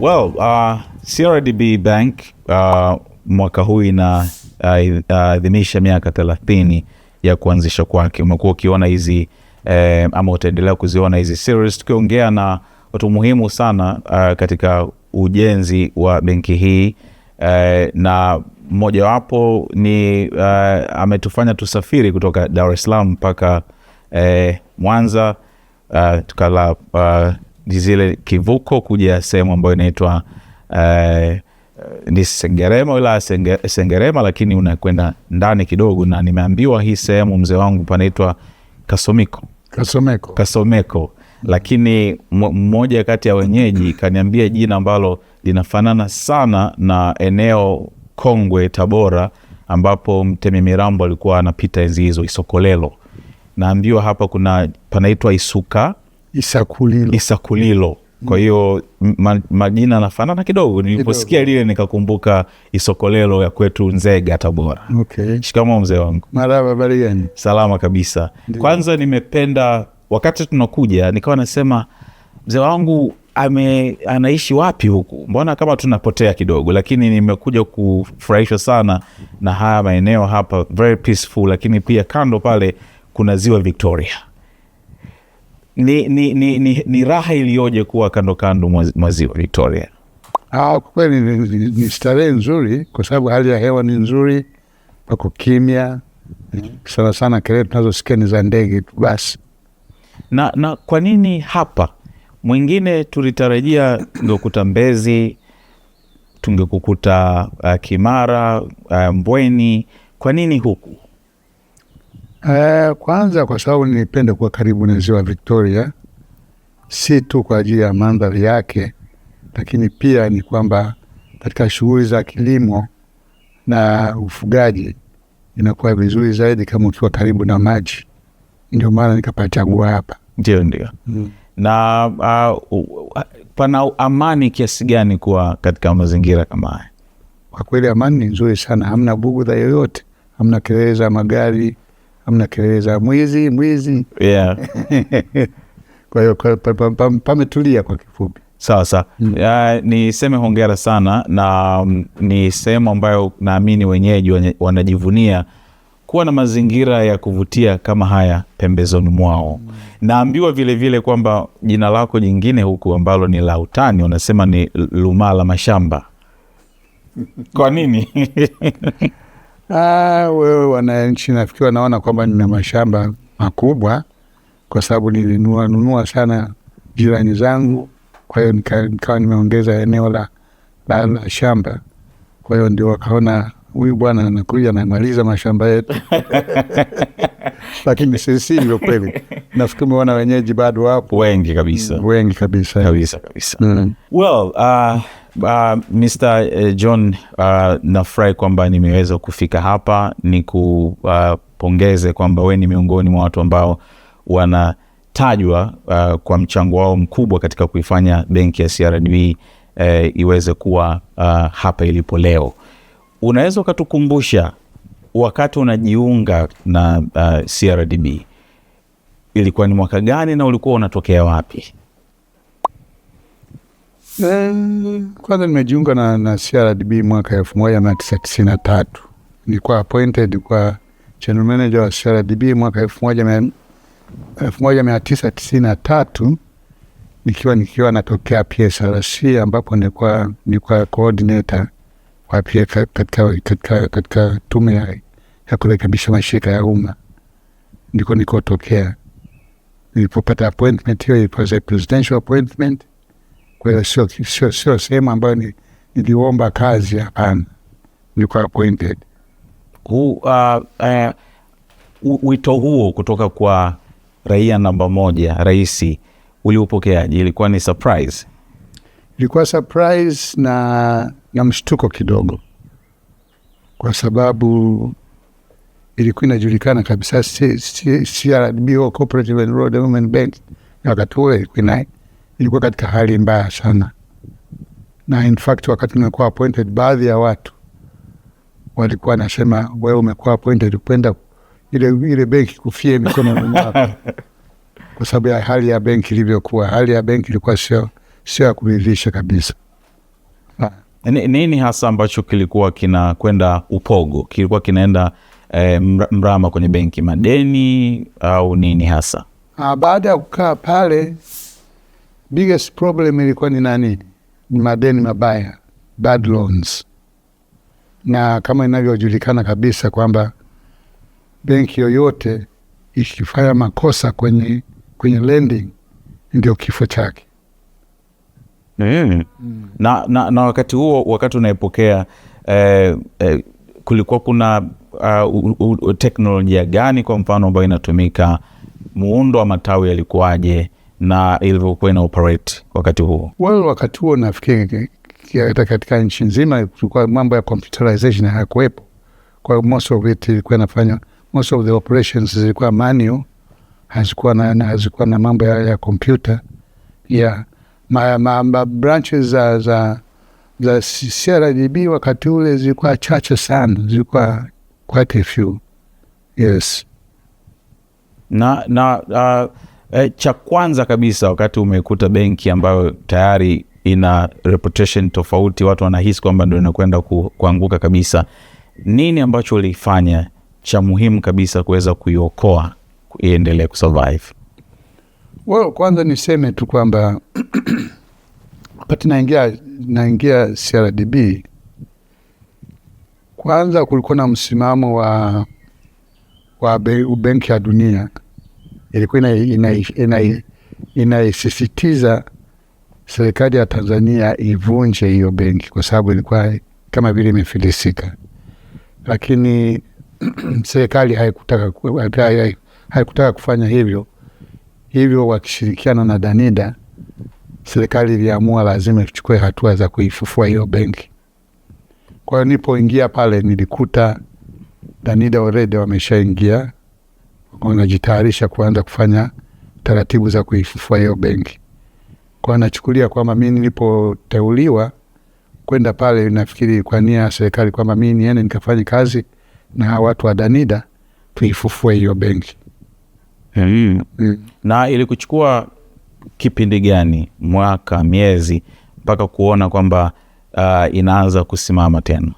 Well, uh, CRDB Bank uh, mwaka huu inaadhimisha uh, uh, miaka thelathini ya kuanzishwa kwake. Umekuwa ukiona hizi eh, ama utaendelea kuziona hizi series tukiongea na watu muhimu sana uh, katika ujenzi wa benki hii eh, na mmojawapo ni uh, ametufanya tusafiri kutoka Dar es Salaam mpaka eh, Mwanza uh, tukala uh, zile kivuko kuja sehemu ambayo inaitwa eh, ni Sengerema wilaya Senge, Sengerema, lakini unakwenda ndani kidogo, na nimeambiwa hii sehemu mzee wangu panaitwa Kasomiko, Kasomeko, Kasomeko, lakini mmoja kati ya wenyeji kaniambia jina ambalo linafanana sana na eneo kongwe Tabora ambapo Mtemi Mirambo alikuwa anapita enzi hizo, Isokolelo. Naambiwa hapa kuna panaitwa Isuka Isakulilo, Isakulilo. Kwa mm. hiyo ma, majina nafanana kidogo. Niliposikia lile nikakumbuka Isokolelo ya kwetu Nzega, Tabora. Okay. Shikamo mzee wangu. Marhaba, habari gani? Salama kabisa. Ndiyo. Kwanza nimependa wakati tunakuja nikawa nasema mzee wangu ame, anaishi wapi huku, mbona kama tunapotea kidogo, lakini nimekuja kufurahishwa sana na haya maeneo hapa, very peaceful, lakini pia kando pale kuna ziwa Victoria ni, ni, ni, ni, ni raha iliyoje kuwa kando kando mwa Victoria. Ah, kweli ni, ni, ni starehe nzuri kwa sababu hali ya hewa ni nzuri, pako kimya sana sana, kelele tunazosikia ni za ndege tu basi. Na, na kwa nini hapa mwingine tulitarajia tungekuta Mbezi, tungekukuta uh, Kimara, uh, Mbweni, kwa nini huku? Uh, kwanza kwa sababu nipende kuwa karibu na ziwa Victoria, si tu kwa ajili ya mandhari yake, lakini pia ni kwamba katika shughuli za kilimo na ufugaji inakuwa vizuri zaidi kama ukiwa karibu na maji. Ndio maana nikapachagua hapa. Ndio, ndio. Mm. Na uh, pana amani kiasi gani kuwa katika mazingira kama haya? Kwa kweli amani ni nzuri sana, hamna bugudha yoyote, hamna kelele za magari amna kelele za mwizi mwizi, yeah. pametulia kwa kifupi. Sawa sawa, mm. Uh, niseme hongera sana na um, ni sehemu ambayo naamini wenyeji wanajivunia kuwa na mazingira ya kuvutia kama haya pembezoni mwao. mm. Naambiwa vilevile kwamba jina lako jingine huku ambalo ni la utani unasema ni Lumaa la Mashamba, kwa nini? Ah, wewe wananchi, nafikiri wanaona kwamba nina mashamba makubwa kwa sababu nilinuanunua sana jirani zangu, kwa hiyo nikawa nimeongeza eneo la, la, la shamba. Kwa hiyo ndio wakaona huyu bwana anakuja anamaliza mashamba yetu lakini sisi ndio kweli, nafikiri umeona wenyeji bado wapo wengi kabisa, wengi kabisa kabisa kabisa. Mm. well uh, Uh, ah, Mr. Eh, John uh, nafurahi kwamba nimeweza kufika hapa, kupongeze uh, kwamba we ni miongoni mwa watu ambao wanatajwa uh, kwa mchango wao mkubwa katika kuifanya benki ya CRDB uh, eh, iweze kuwa uh, hapa ilipo leo. Unaweza ukatukumbusha wakati unajiunga na uh, CRDB ilikuwa ni mwaka gani na ulikuwa unatokea wapi? Eh, kwanza nimejiunga na, na CRDB mwaka elfu moja mia tisa tisini na tatu. Nilikuwa appointed kwa general manager wa CRDB mwaka elfu moja mia tisa tisini na tatu nikiwa nikiwa natokea PSRC ambapo nilikuwa nilikuwa coordinator wa katika tume ya kurekebisha mashirika ya umma, ndiko nikotokea. Nilipopata appointment hiyo, it presidential appointment kwa sio sio sio sehemu ambayo ni niliomba kazi, hapana, nilikuwa appointed. uh, uh, wito huo kutoka kwa raia namba moja, rais, uliupokeaje? Ilikuwa ni surprise? Ilikuwa surprise na na mshtuko kidogo, kwa sababu ilikuwa inajulikana kabisa CRDB au Cooperative and Rural Development Bank wakati huo ilikuwa ilikuwa katika hali mbaya sana, na in fact wakati nimekuwa appointed, baadhi ya watu walikuwa nasema wewe umekuwa appointed kwenda ile, ile benki kufie mikono kwa sababu ya hali ya benki ilivyokuwa. Hali ya benki ilikuwa sio sio ya kuridhisha kabisa. Ah. Nini hasa ambacho kilikuwa kinakwenda upogo, kilikuwa kinaenda eh, mrama kwenye benki? Madeni au nini hasa? Ah, baada ya kukaa pale biggest problem ilikuwa ni nani? Ni madeni mabaya, bad loans, na kama inavyojulikana kabisa kwamba benki yoyote ikifanya makosa kwenye kwenye lending ndio kifo chake. Eh, eh. Mm. Na, na, na wakati huo wakati unaepokea eh, eh, kulikuwa kuna uh, teknolojia gani kwa mfano ambayo inatumika? Muundo wa matawi yalikuwaje? na ilivyokuwa ina operate wakati huo? Well, wakati huo nafikiri hata katika nchi nzima kulikuwa mambo ya computerization hayakuwepo, kwa hiyo most of it ilikuwa inafanywa, most of the operations zilikuwa manual, hazikuwa na, hazikuwa na mambo ya, ya computer yeah. ma, ma branches za, za, za CRDB wakati ule zilikuwa chache sana, zilikuwa quite a few yes na, na uh, E, cha kwanza kabisa wakati umekuta benki ambayo tayari ina reputation tofauti, watu wanahisi kwamba ndo inakwenda ku, kuanguka kabisa, nini ambacho ulifanya cha muhimu kabisa kuweza kuiokoa iendelee kusurvive? Well, kwanza niseme tu kwamba wakati naingia naingia CRDB kwanza kulikuwa na msimamo wa, wa benki ya dunia ilikuwa inaisisitiza mm. serikali ya Tanzania ivunje hiyo benki kwa sababu ilikuwa kama vile imefilisika, lakini serikali haikutaka haikutaka kufanya hivyo. Hivyo wakishirikiana na Danida, serikali iliamua lazima ichukue hatua za kuifufua hiyo benki. Kwa hiyo nipoingia pale nilikuta Danida already wameshaingia wanajitayarisha kuanza kufanya taratibu za kuifufua hiyo benki. Kwa nachukulia kwamba mi nilipoteuliwa kwenda pale, nafikiri kwa nia ya serikali kwamba mi niende nikafanye kazi na watu wa Danida tuifufue hiyo benki. Mm. Mm. Na ilikuchukua kipindi gani, mwaka, miezi, mpaka kuona kwamba uh, inaanza kusimama tena?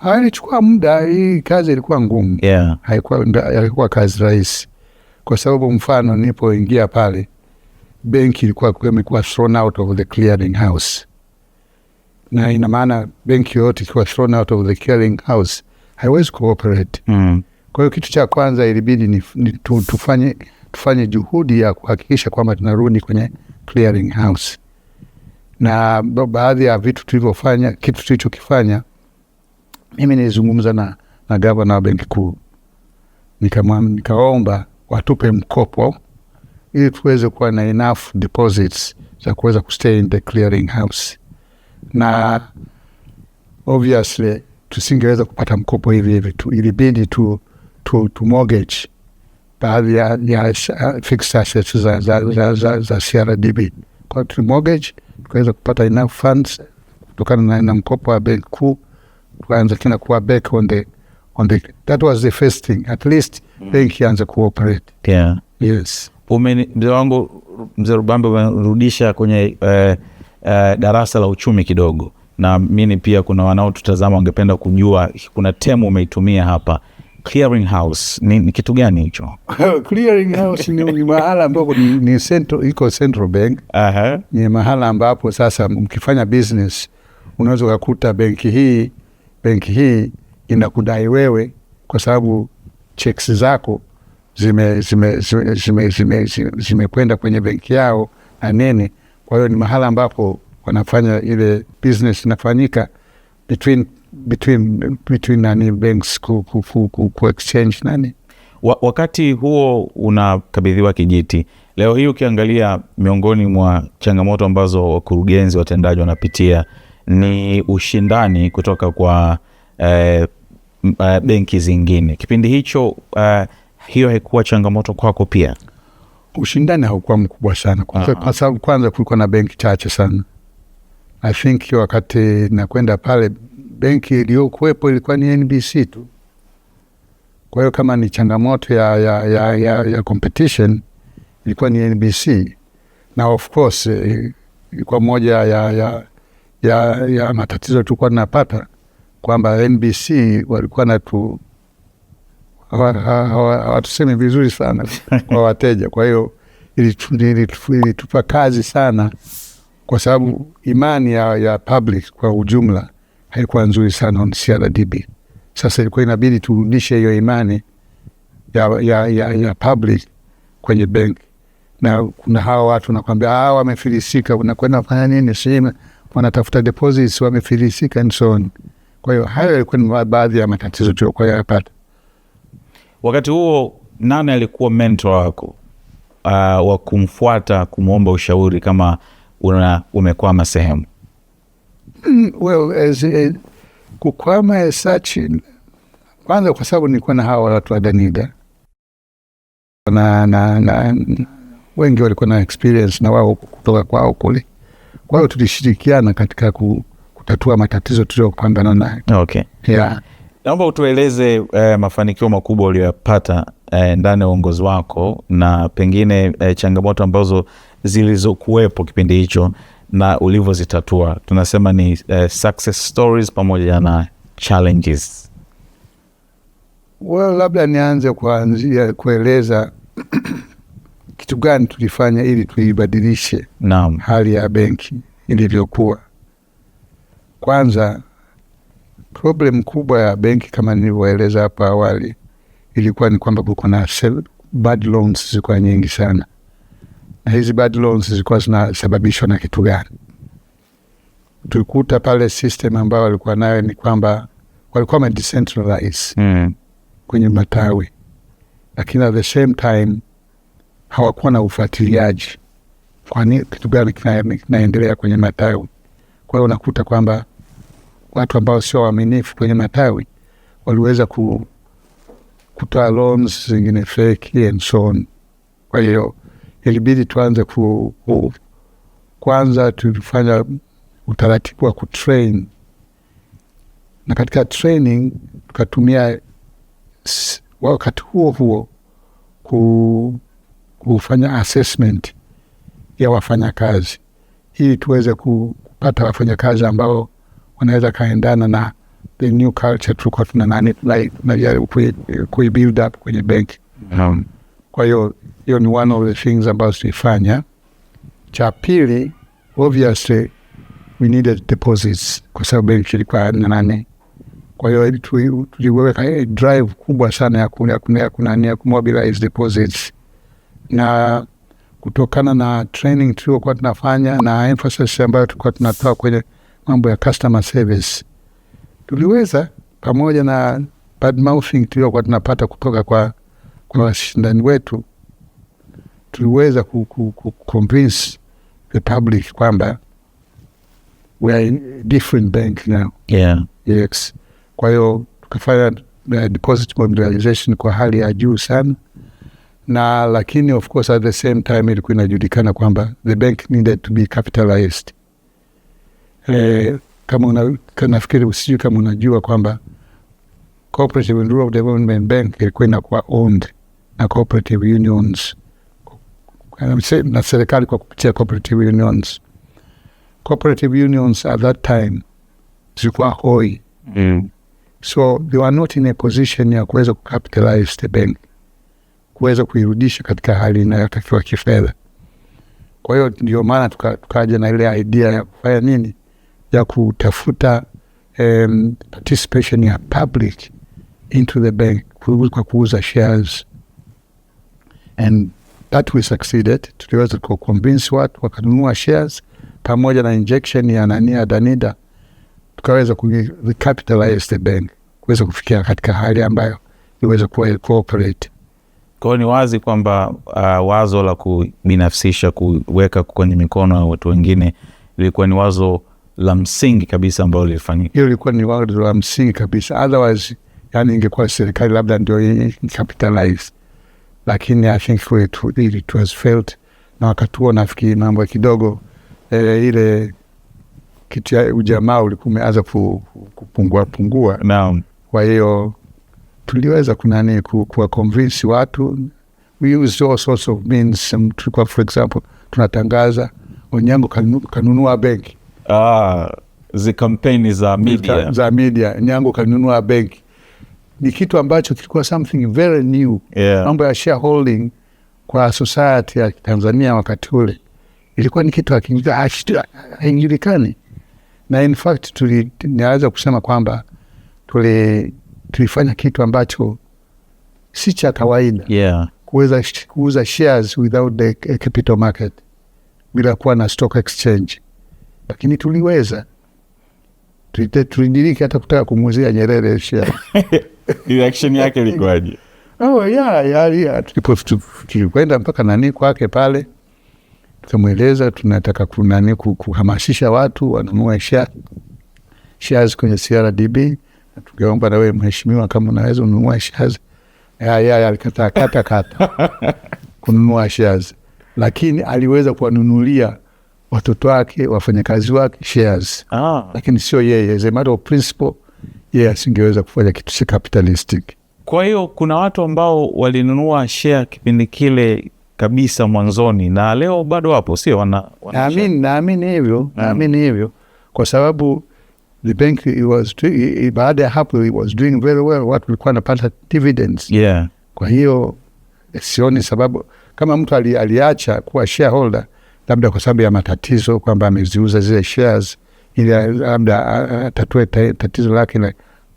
Alichukua ah, muda, hii kazi ilikuwa ngumu yeah. Haikuwa, kazi rahisi kwa sababu mfano, nipoingia pale benki ilikuwa imekuwa thrown out of the clearing house, na ina maana benki yoyote ikiwa thrown out of the clearing house haiwezi kuoperate mm. Kwa hiyo kitu cha kwanza ilibidi ni, ni, tu, tufanye, tufanye juhudi ya kuhakikisha kwamba tunarudi kwenye clearing house, na baadhi ya vitu tulivyofanya, kitu tulichokifanya mimi nilizungumza na, na gavana wa benki kuu nikaomba watupe mkopo ili tuweze kuwa na enough deposits za kuweza kustay in the clearing house, na obviously tusingeweza kupata mkopo hivi hivi tu, ilibidi tu, tu, tu mortgage baadhi ya, ya fixed assets za, za, za, za, za CRDB kwa tu mortgage tukaweza kupata enough funds kutokana na, na mkopo wa benki kuu tukaanza tena kuwa back on the on the that was the first thing at least mm. benki mm. ianze kuoperate yeah. yes Umeni, mzee wangu mzee Rubambe umerudisha kwenye eh, eh, darasa la uchumi kidogo na mimi pia kuna wanaotutazama wangependa kujua kuna temu umeitumia hapa clearing house ni, ni kitu gani hicho clearing house ni, ni mahala ambapo ni, ni central, iko central bank uh -huh. ni mahala ambapo sasa mkifanya business unaweza ukakuta benki hii benki hii inakudai wewe kwa sababu cheks zako zimekwenda zime, zime, zime, zime, zime, zime kwenye benki yao na nini. Kwa hiyo ni mahala ambapo wanafanya ile business inafanyika between, between, between nani banks ku, ku, ku, ku, ku exchange nani wa, wakati huo unakabidhiwa kijiti. Leo hii ukiangalia miongoni mwa changamoto ambazo wakurugenzi watendaji wanapitia ni ushindani kutoka kwa uh, benki zingine. Kipindi hicho uh, hiyo haikuwa changamoto kwako pia? Ushindani haukuwa mkubwa sana kwa ah. sababu kwanza kulikuwa na benki chache sana. I think wakati nakwenda pale benki iliyokuwepo ilikuwa ni NBC tu. Kwa hiyo kama ni changamoto ya, ya, ya, ya, ya competition ilikuwa ni NBC na of course ilikuwa moja ya, ya ya, ya matatizo tulikuwa tunapata kwamba NBC walikuwa natu hawatusemi vizuri sana kwa wateja. Kwa hiyo ilitupa kazi sana, kwa sababu imani ya, ya public kwa ujumla haikuwa nzuri sana on CRDB. Sasa ilikuwa inabidi turudishe hiyo imani ya, ya, ya, ya public kwenye benki, na kuna hawa watu nakwambia, ah, wamefilisika, unakwenda kufanya nini? sima wanatafuta deposits, wamefilisika and so on. Kwa hiyo hayo yalikuwa ni baadhi ya matatizo tuliokuwa yapata wakati huo. Nani alikuwa mentor wako uh, wa kumfuata kumwomba ushauri kama una, umekwama sehemu? Mm, well, as, a, kukwama as such kwanza, kwa sababu nilikuwa na hawa watu wa Danida na, na, na wengi walikuwa na experience na wao kutoka kwao kule kwa hiyo tulishirikiana katika kutatua matatizo tuliyopambana nayo. Okay. Yeah. Naomba utueleze eh, mafanikio makubwa uliyoyapata eh, ndani ya uongozi wako na pengine eh, changamoto ambazo zilizokuwepo kipindi hicho na ulivyozitatua. Tunasema ni eh, success stories pamoja na challenges. Well, labda nianze kuanzia kueleza kitu gani tulifanya ili tuibadilishe naam, hali ya benki ilivyokuwa. Kwanza, problem kubwa ya benki kama nilivyoeleza hapo awali ilikuwa ni kwamba kuko na bad loans zilikuwa nyingi sana, na hizi bad loans zilikuwa zinasababishwa na kitu gani? Tulikuta pale system ambayo walikuwa nayo ni kwamba walikuwa wame decentralize mm, kwenye matawi, lakini at the same time hawakuwa na ufuatiliaji, kwani kitu gani kinaendelea kwenye matawi. Kwa hiyo unakuta kwamba watu ambao sio waaminifu kwenye matawi waliweza ku, kutoa loans zingine feki and so on. Kwa hiyo ilibidi tuanze ku, ku, kwanza tulifanya utaratibu wa kutrain na katika training tukatumia wakati huo huo ku hufanya assessment ya wafanyakazi ili tuweze kupata wafanyakazi ambao wanaweza kaendana na the new culture tulikuwa tuna nani tunajaribu kuibuild up kwenye benki. Um, kwa hiyo hiyo ni one of the things ambazo tuifanya Cha pili, obviously we needed deposits kwa sababu benki ilikuwa na nane kwa hiyo tuliweka eh, drive kubwa sana ya kunani ya kumobilize deposits na kutokana na training tuliokuwa tunafanya na emphasis ambayo tulikuwa tunatoa kwenye mambo ya customer service, tuliweza pamoja na bad mouthing tuliokuwa tunapata kutoka kwa kwa washindani wetu, tuliweza ku, ku, ku convince the public kwamba we are different bank now. Yeah. Yes. Kwa hiyo tukafanya uh, deposit mobilization kwa hali ya juu sana na lakini of course at the same time ilikuwa inajulikana kwamba the bank needed to be capitalized. eh, kama nafikiri sijui kama unajua kwamba Cooperative and Rural Development Bank ilikuwa inakuwa owned na cooperative unions um, na serikali kwa kupitia cooperative unions. Cooperative unions at that time zilikuwa hoi mm. So they were not in a position ya kuweza kucapitalize the bank kuweza kuirudisha katika hali inayotakiwa kifedha. Kwa hiyo ndio maana tukaja tuka na ile idea ya kufanya nini ya kutafuta um, participation ya public into the bank kwa kuuza shares and that we succeeded. Tuliweza kuconvince watu wakanunua shares pamoja na injection ya nani ya Danida, tukaweza kurecapitalize the bank kuweza kufikia katika hali ambayo iweze kuwa cooperate kwao. ni wazi kwamba uh, wazo la kubinafsisha kuweka kwenye mikono ya watu wengine ilikuwa ni wazo la msingi kabisa ambalo lilifanyika. Hiyo ilikuwa ni wazo la msingi kabisa, otherwise yani ingekuwa serikali labda ndio capitalize, lakini I think it, it was felt na wakati huo nafikiri mambo kidogo eh, ile kitu ya ujamaa ulikuwa umeanza kupungua pungua, naam. Kwa hiyo tuliweza kunani kuwakonvinsi watu. We used all sorts of means. Um, tulikuwa for example tunatangaza Onyango kanu, kanunua benki ah, zi kampeni za media, za media nyango kanunua benki ni kitu ambacho kilikuwa something very new yeah. Mambo ya shareholding kwa society ya Tanzania wakati ule ilikuwa ni kitu hakijulikani, na in fact naweza kusema kwamba tuli tulifanya kitu ambacho si cha kawaida yeah. kuweza kuuza shares without the capital market, bila kuwa na stock exchange, lakini tuliweza tulidiriki hata kutaka kumuuzia Nyerere Reaction yake ilikuwaje? Oh, Tulikwenda mpaka nani kwake pale, tukamweleza tunataka kuhamasisha watu wanunue shares kwenye CRDB tukiomba nawe mheshimiwa, kama unaweza ununua shazi. Yeye kata kununua shazi, lakini aliweza kuwanunulia watoto wake wafanyakazi wake shares ah. Lakini sio yeye, as a matter of principle, yeye asingeweza kufanya kitu cha capitalistic. Kwa hiyo kuna watu ambao walinunua share kipindi kile kabisa mwanzoni na leo bado wapo, sio? Wana naamini hivyo, ah. naamini hivyo kwa sababu the bank was baada ya hapo it was doing very well, watu walikuwa wanapata dividends yeah. Kwa hiyo eh, sioni sababu kama mtu ali, aliacha kuwa shareholder labda kwa sababu ya matatizo kwamba ameziuza zile shares ili labda atatue tatizo lake na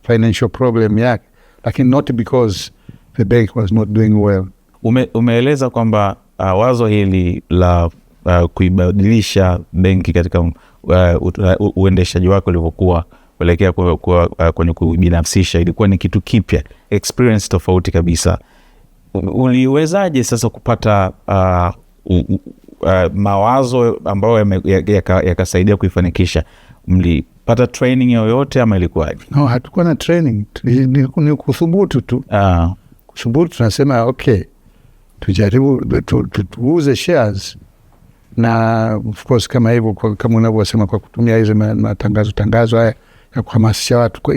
financial problem yake, lakini not because the bank was not doing well. Ume, umeeleza kwamba uh, wazo hili la uh, kuibadilisha benki katika uh, uh uendeshaji wake ulivyokuwa kuelekea uh, kwenye kubinafsisha, ilikuwa ni kitu kipya, experience tofauti kabisa. Uliwezaje sasa kupata uh, u, uh, mawazo ambayo yakasaidia ya, ya kuifanikisha? Mlipata training yoyote ama ilikuwaje? No, hatukuwa na training, ni kuthubutu tu uh. Kuthubutu tunasema okay, tujaribu tuuze shares na of course kama hivyo, kama unavyosema kwa kutumia hizi matangazo tangazo haya ya kuhamasisha watu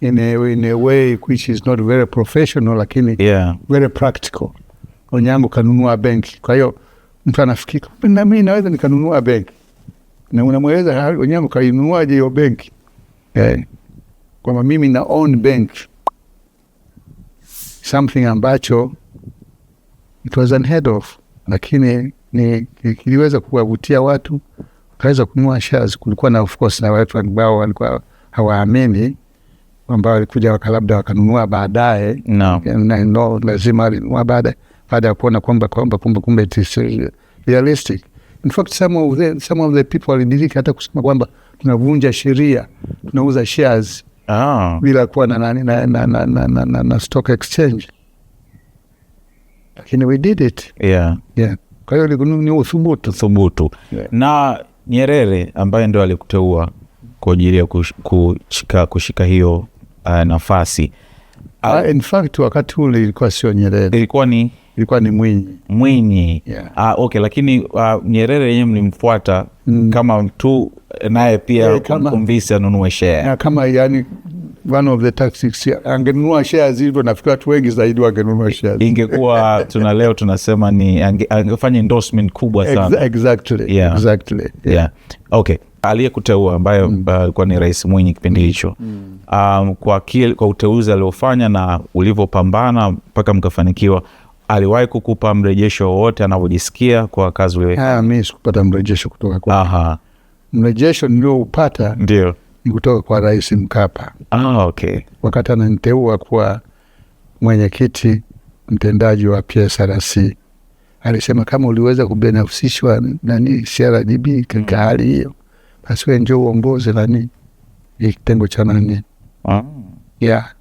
in a way which is not very professional, lakini yeah. very practical. Onyango kanunua benki, kwa hiyo mtu anafikiri nami naweza nikanunua benki, na unamweleza ah, Onyango kainunuaje hiyo benki eh, kwamba mimi na own bank something ambacho it was unheard of, lakini kiliweza kuwavutia watu wakaweza kunua shares. Kulikuwa na of course na watu ambao walikuwa hawaamini kwamba walikuja labda wakanunua baadaye no. lazima walinunua baadaye baada ya kuona kwamba kwamba kumbe kumbe it is realistic. In fact some of the, some of the people walidiriki hata kusema kwamba tunavunja sheria tunauza shares oh. bila kuwa na, nani na, na, na, na, na, na, na stock exchange lakini we did it yeah. Yeah. Kwa hiyo ni uthubutu thubutu, yeah. Na Nyerere ambaye ndo alikuteua kwa ajili ya kushika, kushika hiyo uh, nafasi uh, in fact wakati ule ilikuwa sio Nyerere, ilikuwa ni ilikuwa ni Mwinyi Mwinyi, yeah. Uh, okay, lakini uh, Nyerere yenyewe mlimfuata mm. kama tu naye pia eh, um- kumvisi anunue share yeah, kama yani one of the tactics angenunua shares hivyo, nafikiri watu wengi zaidi wangenunua shares. Ingekuwa tuna leo tunasema ni angefanya endorsement kubwa sana. Exactly, yeah. Exactly. Yeah. Okay, aliyekuteua ambaye alikuwa mm. uh, ni Rais Mwinyi kipindi hicho mm. um, kwa, kwa uteuzi aliofanya na ulivyopambana mpaka mkafanikiwa aliwahi kukupa mrejesho wowote anavyojisikia kwa kazi uliyoifanya? Ah, mimi sikupata mrejesho kutoka kwa mrejesho nilioupata ndio ni kutoka kwa Rais Mkapa. Ah, okay. Wakati ananiteua kuwa mwenyekiti mtendaji wa PSRC alisema kama uliweza kubinafsishwa nani CRDB katika hali hiyo, basi wenje uongozi nani kitengo cha nani. Ah. Yeah.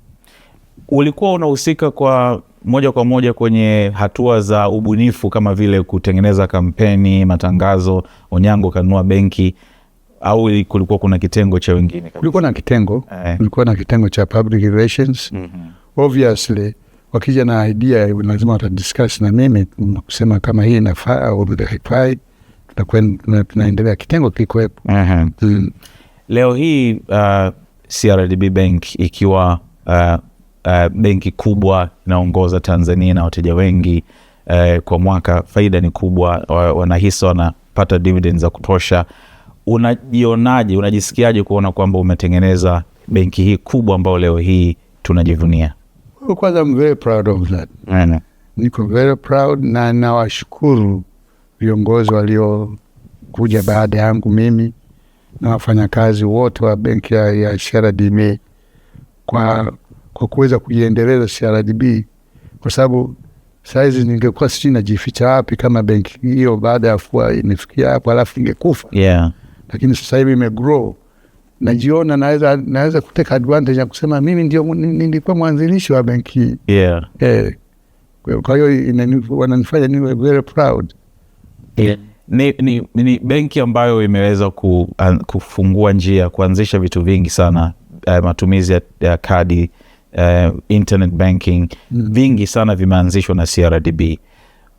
Ulikuwa unahusika kwa moja kwa moja kwenye hatua za ubunifu kama vile kutengeneza kampeni, matangazo. Onyango kanunua benki au kulikuwa kuna kitengo cha wengine? Kulikuwa na kitengo eh, kulikuwa na kitengo cha public relations mm -hmm. Obviously wakija na idea lazima watadiscuss na mimi kusema kama hii inafaa au haifai, tunaendelea kitengo kikuwepo. uh -huh. mm. Leo hii uh, CRDB Bank ikiwa uh, uh, benki kubwa inaongoza Tanzania na wateja wengi uh, kwa mwaka, faida ni kubwa, wanahisa wanapata dividends za kutosha unajionaje, unajisikiaje kuona kwamba umetengeneza benki hii kubwa ambayo leo hii tunajivunia? Kwanza I'm very proud of that. Niko very proud na nawashukuru viongozi waliokuja baada yangu mimi na wafanyakazi wote wa benki ya, ya CRDB kwa, kwa kuweza kuiendeleza CRDB kwa sababu saizi ningekuwa sijui najificha wapi kama benki hiyo baada ya fua imefikia hapo, alafu ingekufa yeah lakini sasa hivi imegrow najiona naweza naweza kuteka advantage ya kusema mimi ndio nilikuwa mwanzilishi wa benki hii yeah. Eh, kwa hiyo wananifanya niwe very proud eh, Ni, ni, ni benki ambayo imeweza ku, uh, kufungua njia kuanzisha vitu vingi sana uh, matumizi ya, ya kadi uh, internet banking mm. vingi sana vimeanzishwa na CRDB.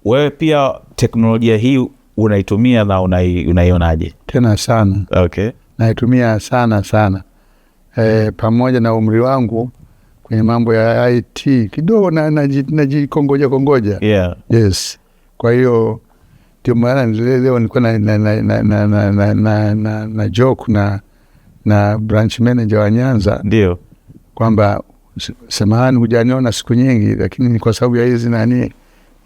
Wewe pia teknolojia hii unaitumia na unaionaje? Tena sana. Okay. Naitumia sana sana e, pamoja na umri wangu kwenye mambo ya IT kidogo najikongoja kongoja yeah. Yes, kwa hiyo ndio maana leo nilikuwa na, na, na, na, na, na, na, na, na, na joke na, na branch manager wa Nyanza ndio kwamba samahani, hujaniona siku nyingi, lakini ni kwa sababu ya hizi nani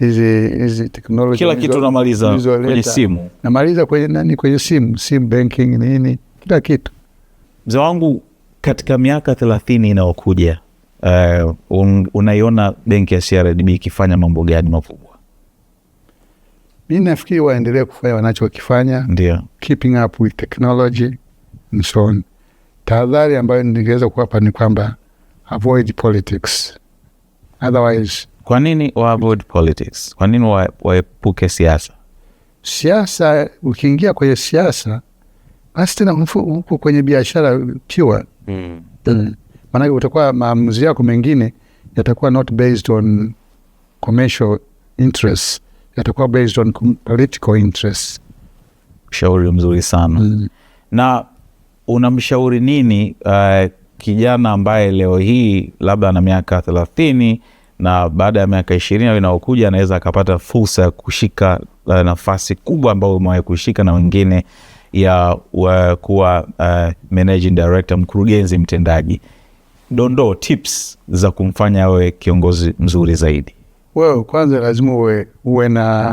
hizi hizi teknolojia kila kitu unamaliza kwenye simu, namaliza kwenye nani, kwenye simu, sim banking nini, kila kitu. Mzee wangu, katika miaka thelathini inayokuja uh, unaiona benki ya CRDB ikifanya mambo gani makubwa? Mi nafikiri waendelee kufanya wanachokifanya, ndio keeping up with technology and so on. Tahadhari ambayo ningeweza kuwapa ni kwamba avoid politics otherwise kwa nini waavoid politics? Kwa nini waepuke siasa? Siasa, ukiingia kwenye siasa basi tena huko kwenye biashara pure mm. Maanake utakuwa maamuzi yako mengine yatakuwa not based on commercial interests, yatakuwa based on political interests. Ushauri mzuri sana mm. Na unamshauri nini uh, kijana ambaye leo hii labda ana miaka thelathini na baada ya miaka ishirini inaokuja anaweza akapata fursa ya kushika uh, nafasi kubwa ambayo umewahi kushika na wengine ya uh, kuwa uh, managing director, mkurugenzi mtendaji. Dondoo tips za kumfanya awe kiongozi mzuri zaidi. Well, kwanza lazima uwe, uwe na,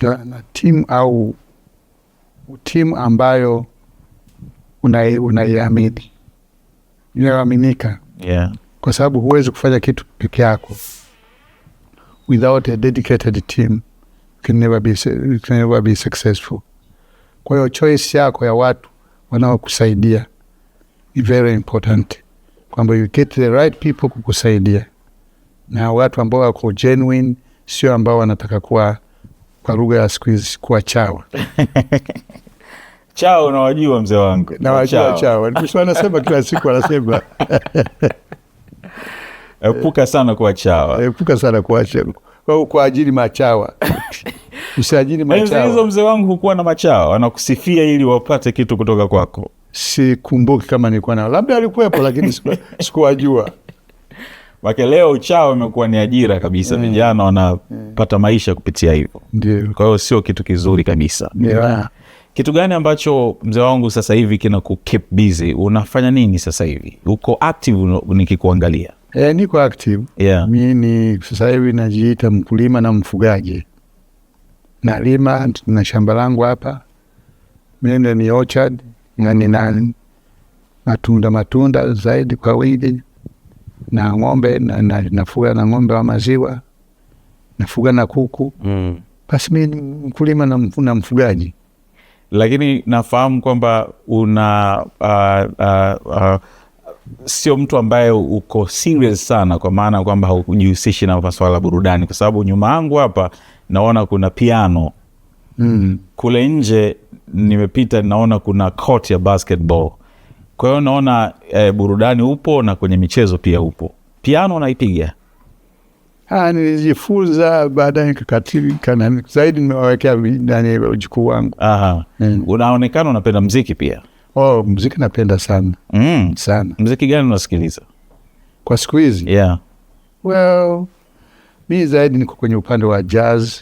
na, na timu au timu ambayo unaiamini una inayoaminika, yeah kwa sababu huwezi kufanya kitu peke yako. Without a dedicated team you can never be, you can never be successful. Kwa hiyo choice yako ya watu wanaokusaidia ni very important, kwamba you get the right people kukusaidia na watu ambao wako genuine, sio ambao wanataka kuwa kwa lugha ya siku hizi kuwa chawa chao. Nawajua mzee wangu, nawajua chao, wanasema kila siku wanasema Epuka sana chawa, epuka sana kuacha kwa ajili machawa usajili machawa. Hizo mzee wangu hukuwa na machawa, wanakusifia ili wapate kitu kutoka kwako. Sikumbuki kama nilikuwa nao, labda alikuwepo lakini sikuwajua. Wake leo uchawa umekuwa ni ajira kabisa, mm. vijana wanapata mm. maisha kupitia hivyo, ndio. Kwa hiyo sio kitu kizuri kabisa. Kitu gani ambacho mzee wangu sasa hivi kina ku keep busy? Unafanya nini sasa hivi? Uko active nikikuangalia? E, niko active yeah. Mi ni sasa hivi najiita mkulima na mfugaji, nalima na shamba langu hapa mende ni orchard na nina matunda matunda zaidi kwa wingi na ng'ombe na, na, nafuga na ng'ombe wa maziwa nafuga na kuku mm. Basi mi mkulima na mfugaji lakini nafahamu kwamba una uh, uh, uh, sio mtu ambaye uko serious sana, kwa maana kwamba haujihusishi na maswala ya burudani, kwa sababu nyuma yangu hapa naona kuna piano mm. Kule nje nimepita, naona kuna court ya basketball. Kwa hiyo naona eh, burudani upo na kwenye michezo pia upo. Piano unaipiga? Ah, nilijifunza baadaye kikatika zaidi, nimewawekea ndani ujukuu wangu. Mm. Unaonekana unapenda mziki pia? Oh, mziki napenda sana. Mm. Sana. Mziki gani unasikiliza kwa siku hizi? Yeah. Well, mi zaidi niko kwenye upande wa jazz,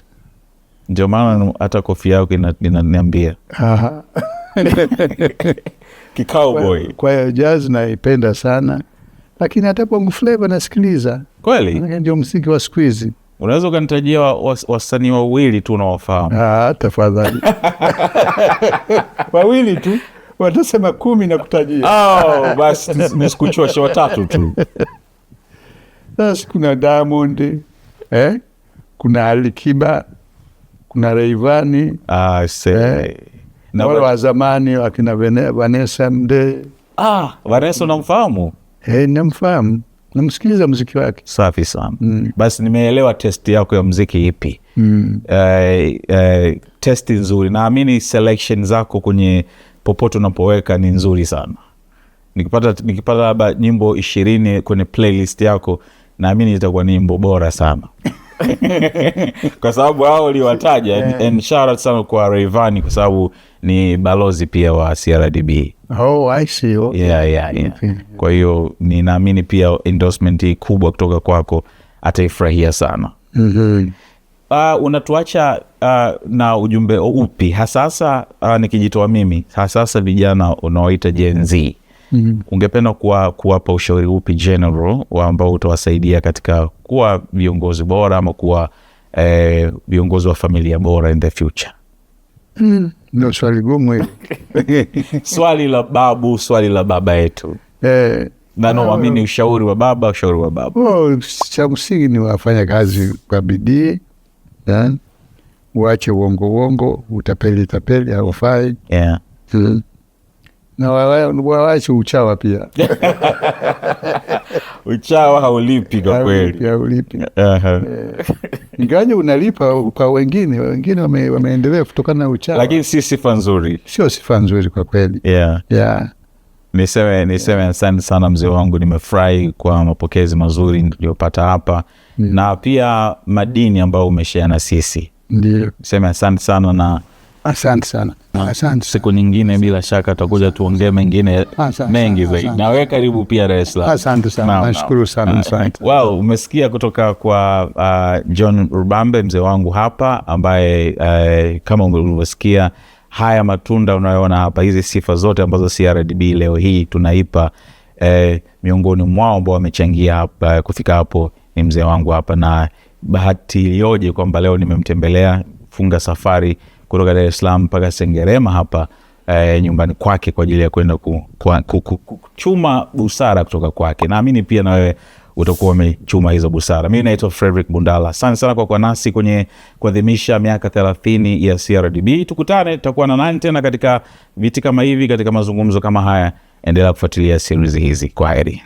ndio maana hata kofi yako inaniambia kikao Kwa hiyo jazz naipenda sana lakini hata Bongo Flava nasikiliza kweli, ndio msingi wa siku hizi. Unaweza ukanitajia wasanii was, wawili tu unaofahamu ah, Tafadhali. wawili tu watasema kumi na kutajia. Oh, basi nisikuchoshe, watatu tu sasa. Kuna Diamond eh? kuna Alikiba, kuna Reivani ah, eh? wale wa zamani wakina Vanessa mde Ah, Vanessa unamfahamu? Hey, eh, namfahamu namsikiliza mziki wake. Safi sana mm. Basi nimeelewa testi yako ya mziki ipi? mm. Uh, eh, uh, eh, testi nzuri, naamini selection zako kwenye popote unapoweka ni nzuri sana. Nikipata nikipata labda nyimbo ishirini kwenye playlist yako, naamini itakuwa nyimbo bora sana kwa sababu hao uliwataja yeah. Shout out sana kwa Rayvanny kwa sababu ni balozi pia wa CRDB. Oh, I see. Okay. Yeah, yeah, yeah. Kwa hiyo ninaamini pia endorsement hii kubwa kutoka kwako ataifurahia sana. Mm-hmm. Uh, unatuacha uh, na ujumbe upi hasasa uh, ah, nikijitoa mimi hasasa vijana unaoita Gen Z mm-hmm. Ungependa kuwa, kuwapa ushauri upi general ambao utawasaidia katika kuwa viongozi bora ama kuwa eh, viongozi wa familia bora in the future? Mm. Ndio swali gumu hili. swali la babu, swali la baba yetu eh, na naamini ushauri wa baba, ushauri wa baba, oh, cha msingi ni wafanya kazi kwa bidii, uache uongo uongo, utapeli tapeli, haufai yeah. Hmm. na wawache uchawa pia uchawa haulipi kwa kweli, haulipi eh, ingawaje unalipa kwa wengine. Wengine wame, wameendelea kutokana na uchawa, lakini si sifa nzuri, sio sifa nzuri kwa kweli yeah. yeah. Niseme niseme asante sana mzee wangu, nimefurahi kwa mapokezi mazuri niliyopata hapa yeah. na pia madini ambayo umeshea na sisi, ndio niseme asante sana na Asante sana, ah, asante. Siku nyingine bila shaka tutakuja tuongee mengine mengi zaidi. Na wewe karibu pia Dar es Salaam. Asante sana, nashukuru sana. Ah, wow, umesikia kutoka kwa uh, John Rubambe mzee wangu hapa ambaye uh, kama ulivyosikia haya matunda unayoona hapa, hizi sifa zote ambazo CRDB leo hii tunaipa eh, miongoni mwao ambao wamechangia hapa eh, kufika hapo ni mzee wangu hapa, na bahati iliyoje kwamba leo nimemtembelea funga safari kutoka Dar es Salaam mpaka Sengerema hapa eh, nyumbani kwake kwa ajili ya kwenda kuchuma busara kutoka kwake. Naamini pia na wewe utakuwa umechuma hizo busara. Mimi naitwa Frederick Bundala, asante sana kwa kuwa nasi kwenye kuadhimisha miaka thelathini ya CRDB. Tukutane, tutakuwa na nani tena katika viti kama hivi, katika mazungumzo kama haya. Endelea kufuatilia series hizi. Kwa heri.